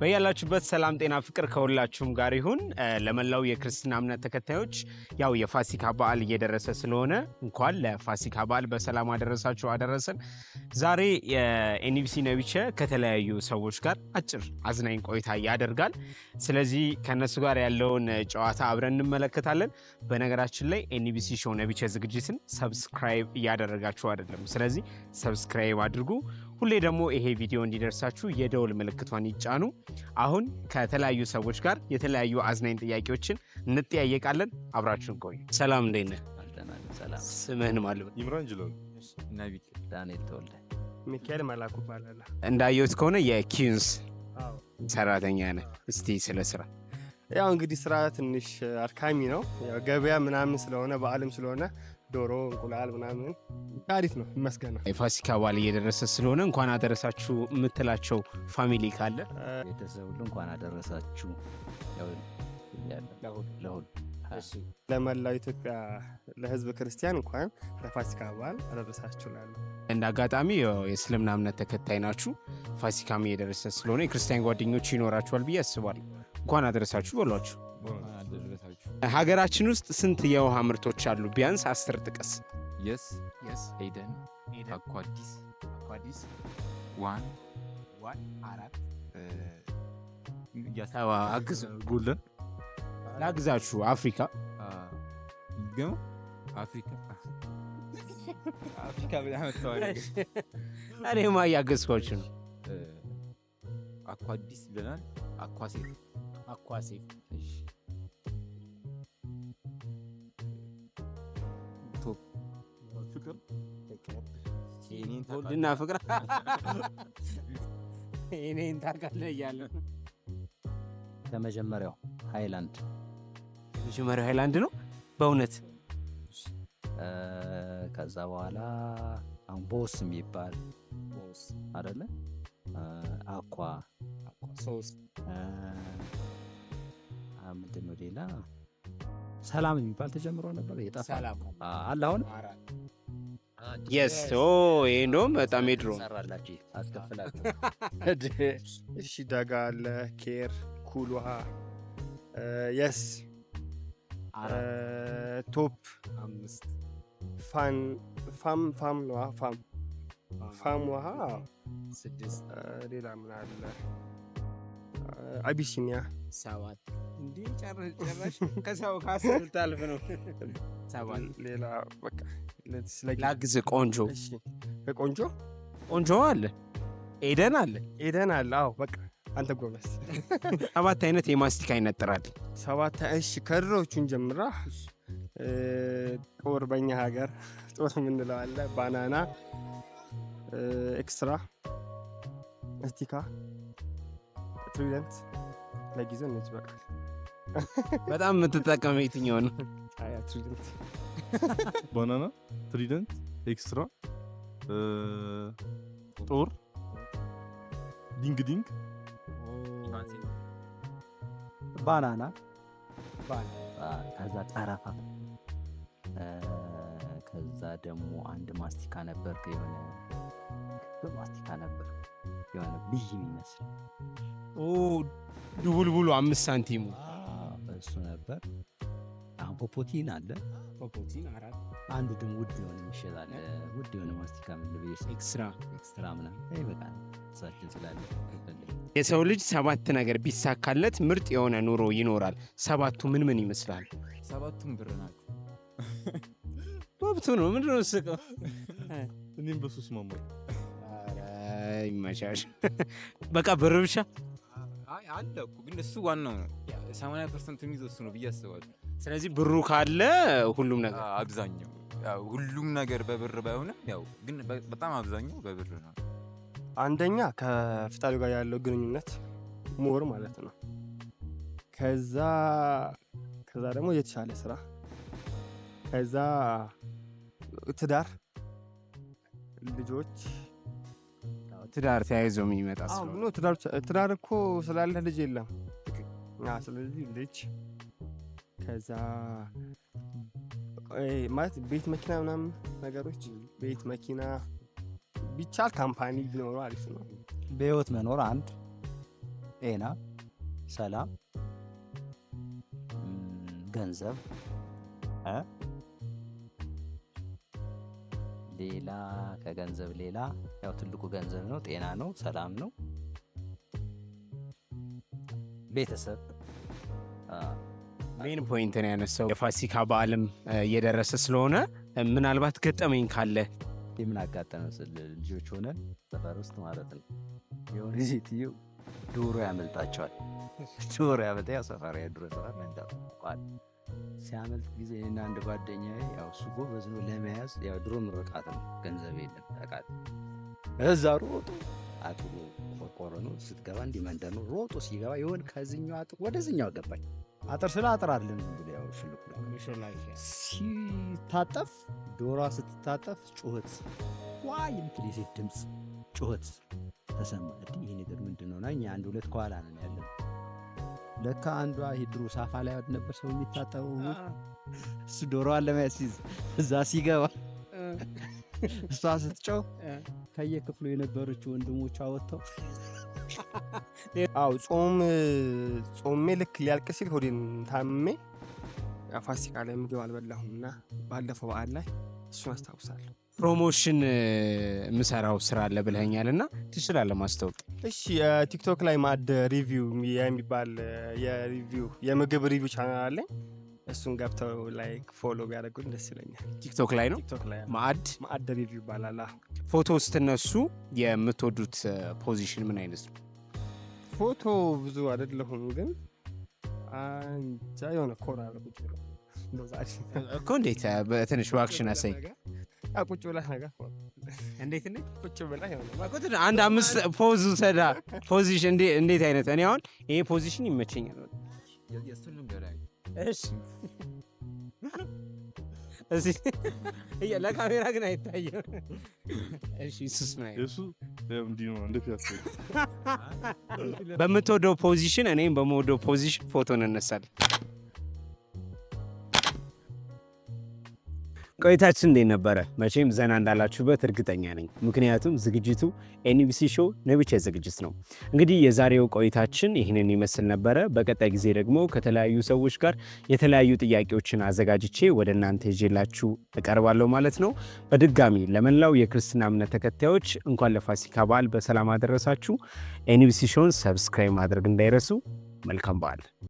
በያላችሁበት ሰላም፣ ጤና፣ ፍቅር ከሁላችሁም ጋር ይሁን። ለመላው የክርስትና እምነት ተከታዮች ያው የፋሲካ በዓል እየደረሰ ስለሆነ እንኳን ለፋሲካ በዓል በሰላም አደረሳችሁ አደረሰን። ዛሬ የኤንቢሲ ነቢቸ ከተለያዩ ሰዎች ጋር አጭር አዝናኝ ቆይታ ያደርጋል። ስለዚህ ከነሱ ጋር ያለውን ጨዋታ አብረን እንመለከታለን። በነገራችን ላይ ኤንቢሲ ሾው ነቢቸ ዝግጅትን ሰብስክራይብ እያደረጋችሁ አይደለም። ስለዚህ ሰብስክራይብ አድርጉ። ሁሌ ደግሞ ይሄ ቪዲዮ እንዲደርሳችሁ የደውል ምልክቷን ይጫኑ። አሁን ከተለያዩ ሰዎች ጋር የተለያዩ አዝናኝ ጥያቄዎችን እንጠያየቃለን። አብራችሁን ቆዩ። ሰላም፣ እንዴት ስምህን ማለት ይምራን ጅሎ ተወልደ ሚካኤል መላኩ ባላላ። ከሆነ የኪንስ ሰራተኛ ነ እስቲ ስለ ስራ ያው እንግዲህ ስራ ትንሽ አድካሚ ነው። ገበያ ምናምን ስለሆነ በአለም ስለሆነ ዶሮ፣ እንቁላል ምናምን አሪፍ ነው። ይመስገና የፋሲካ በዓል እየደረሰ ስለሆነ እንኳን አደረሳችሁ የምትላቸው ፋሚሊ ካለ ቤተሰብ ሁሉ እንኳን አደረሳችሁ ለሁሉ ለመላው ኢትዮጵያ ለሕዝብ ክርስቲያን እንኳን ለፋሲካ በዓል አደረሳችሁ ላለ እንደ አጋጣሚ የእስልምና እምነት ተከታይ ናችሁ። ፋሲካም እየደረሰ ስለሆነ የክርስቲያን ጓደኞች ይኖራችኋል ብዬ አስባለሁ። እንኳን አደረሳችሁ በሏችሁ። ሀገራችን ውስጥ ስንት የውሃ ምርቶች አሉ? ቢያንስ አስር ጥቀስ። የስ የስ ኤደን፣ ዋን ዋን፣ አራት አግዝ ላግዛችሁ። አፍሪካ ግን አፍሪካ አፍሪካ እያገዝኳችሁ ነው። አኳዲስ ብለናል። አኳሴ አኳሴ ፍቅር የኔን ፍቅር የኔን ታውቃለህ እያለ ከመጀመሪያው ሃይላንድ የመጀመሪያው ሃይላንድ ነው በእውነት። ከዛ በኋላ አሁን ቦስ የሚባል አይደለ አኳ ምንድን ነው ሌላ ሰላም የሚባል ተጀምሮ ነበር የጠፋ አለ አሁን የስ ይህ እንደውም በጣም የድሮ እሺ። ደጋ አለ ኬር ኩል ውሃ የስ ቶፕ ፋን ፋም ፋም ውሃ ፋም ፋም ውሃ ሌላ ምን አለ? አቢሲኒያ ሰባት እንዲህ ጨረሽ ከሰው ካስ ልታልፍ ነው ሌላ በቃ ላግዝ ቆንጆ ቆንጆ ቆንጆ አለ ኤደን አለ ኤደን አለ። አዎ በቃ አንተ ጎበስ ሰባት አይነት የማስቲካ አይነት ጥራል። ሰባት እሺ፣ ከድሮቹን ጀምራ ጦር፣ በኛ ሀገር ጦር የምንለዋለ ባናና፣ ኤክስትራ፣ ማስቲካ፣ ትሪደንት። ለጊዜ እነዚህ በቃል። በጣም የምትጠቀመ የትኛው ነው? ትሪደንት ባናና፣ ትሪደንት፣ ኤክስትራ፣ ጦር፣ ዲንግ ዲንግ፣ ባናና ከዛ ጠረፋ ከዛ ደግሞ አንድ ማስቲካ ነበር የሆነ ማስቲካ ነበር የሆነ ብይ የሚመስል ድቡልቡሉ አምስት ሳንቲሙ እሱ ነበር። አሁን ፖፖቲን አለ ፖፖቲን አራት አንዱ ደግሞ ውድ የሆነ ይሸጣል። ውድ የሆነ ማስቲካ ኤክስትራ ኤክስትራ ምናምን ይበቃል። እሳችን ስላለ የሰው ልጅ ሰባት ነገር ቢሳካለት ምርጥ የሆነ ኑሮ ይኖራል። ሰባቱ ምን ምን ይመስላል? ሰባቱም ብር ናቸው። ወብቱ ነው ምንድን ነው ስቀው እኔም በሱስ መሞ ይመሻሽ። በቃ ብር ብቻ አለ እኮ ግን እሱ ዋናው ነው። ሰማንያ ፐርሰንት የሚይዘው እሱ ነው ብዬ አስባለሁ። ስለዚህ ብሩ ካለ ሁሉም ነገር አብዛኛው ሁሉም ነገር በብር ባይሆንም ያው ግን በጣም አብዛኛው በብር ነው። አንደኛ ከፍጣሪው ጋር ያለው ግንኙነት ሞር ማለት ነው። ከዛ ከዛ ደግሞ የተሻለ ስራ፣ ከዛ ትዳር፣ ልጆች ትዳር ተያይዞ የሚመጣ ትዳር እኮ ስላለ ልጅ የለም። ስለዚህ ልጅ ከዛ ማለት ቤት መኪና ምናምን ነገሮች ቤት መኪና ቢቻል ካምፓኒ ቢኖሩ አሪፍ ነው። በህይወት መኖር አንድ ጤና፣ ሰላም፣ ገንዘብ ሌላ ከገንዘብ ሌላ ያው ትልቁ ገንዘብ ነው፣ ጤና ነው፣ ሰላም ነው፣ ቤተሰብ ሜን ፖይንት ነው ያነሳው። የፋሲካ በዓልም እየደረሰ ስለሆነ ምናልባት ገጠመኝ ካለ የምን አጋጠመ ስል ልጆች ሆነ ሰፈር ውስጥ ማለት ነው የሆነ ሴትዮ ዶሮ ያመልጣቸዋል። ዶሮ ያመልጣ ያው ሰፈር የዶሮ ሰፈር መንጣቋል ሲያመልጥ ጊዜ እና አንድ ጓደኛ ያው እሱ ጎበዝ ነው ለመያዝ ያው ድሮ ምርቃት ነው ገንዘብ የለም ጠቃት እዛ ሮጡ አጥቦ ቆርቆሮ ነው ስትገባ እንዲህ ነው ሮጡ ሲገባ የሆን ከዚኛው አጥ ወደዚኛው ገባኝ አጥር ስለ አጥር አይደለም እንግዲህ ያው ሽልቁ ሲታጠፍ ዶሯ ስትታጠፍ ጩኸት ዋይ የምትል የሴት ድምፅ ጩኸት ተሰማ። እንዲህ ይህ ነገር ምንድን ነው? እኛ አንድ ሁለት ከኋላ ነው ያለን። ለካ አንዷ ሂድሮ ሳፋ ላይ ነበር ሰው የሚታጠበው እሱ ዶሮዋን ለመያዝ እዛ ሲገባ እሷ ስትጨው ከየክፍሉ የነበረችው ወንድሞቿ ወጥተው አዎ ጾም ጾሜ ልክ ሊያልቅ ሲል ሆዴን ታምሜ ፋሲካ ላይ ምግብ አልበላሁም እና ባለፈው በዓል ላይ እሱን አስታውሳለሁ። ፕሮሞሽን የምሰራው ስራ አለ ብለኸኛል እና ትችላለ ማስታወቅ። እሺ ቲክቶክ ላይ ማድ ሪቪው የሚባል የሪቪው የምግብ ሪቪው ቻናል አለኝ። እሱን ገብተው ላይክ ፎሎ ቢያደርጉኝ ደስ ይለኛል። ቲክቶክ ላይ ነው ማዕድ ማዕድ ሪቪው ይባላል። ፎቶ ስትነሱ የምትወዱት ፖዚሽን ምን አይነት ነው? ፎቶ ብዙ አይደለሁም፣ ግን አንቻ የሆነ ኮራ ቁጭ ብላ እኮ እንዴት በትንሽ ዋክሽን አሰኝ ቁጭ ብላ ነገር እንዴት ቁጭ ሆነ አንድ አምስት ፖዝ ሰዳ ፖዚሽን እንዴት አይነት እኔ አሁን ይሄ ፖዚሽን ይመቸኛል። እሺ ለካሜራ ግን አይታየም። እሱ በምትወደው ፖዚሽን እኔም በምወደው ፖዚሽን ፎቶን እንነሳለን። ቆይታችን እንዴት ነበረ? መቼም ዘና እንዳላችሁበት እርግጠኛ ነኝ። ምክንያቱም ዝግጅቱ ኤንቢሲ ሾው ነብቻ ዝግጅት ነው። እንግዲህ የዛሬው ቆይታችን ይህንን ይመስል ነበረ። በቀጣይ ጊዜ ደግሞ ከተለያዩ ሰዎች ጋር የተለያዩ ጥያቄዎችን አዘጋጅቼ ወደ እናንተ ይዤላችሁ እቀርባለሁ ማለት ነው። በድጋሚ ለመላው የክርስትና እምነት ተከታዮች እንኳን ለፋሲካ በዓል በሰላም አደረሳችሁ። ኤንቢሲ ሾውን ሰብስክራይብ ማድረግ እንዳይረሱ። መልካም በዓል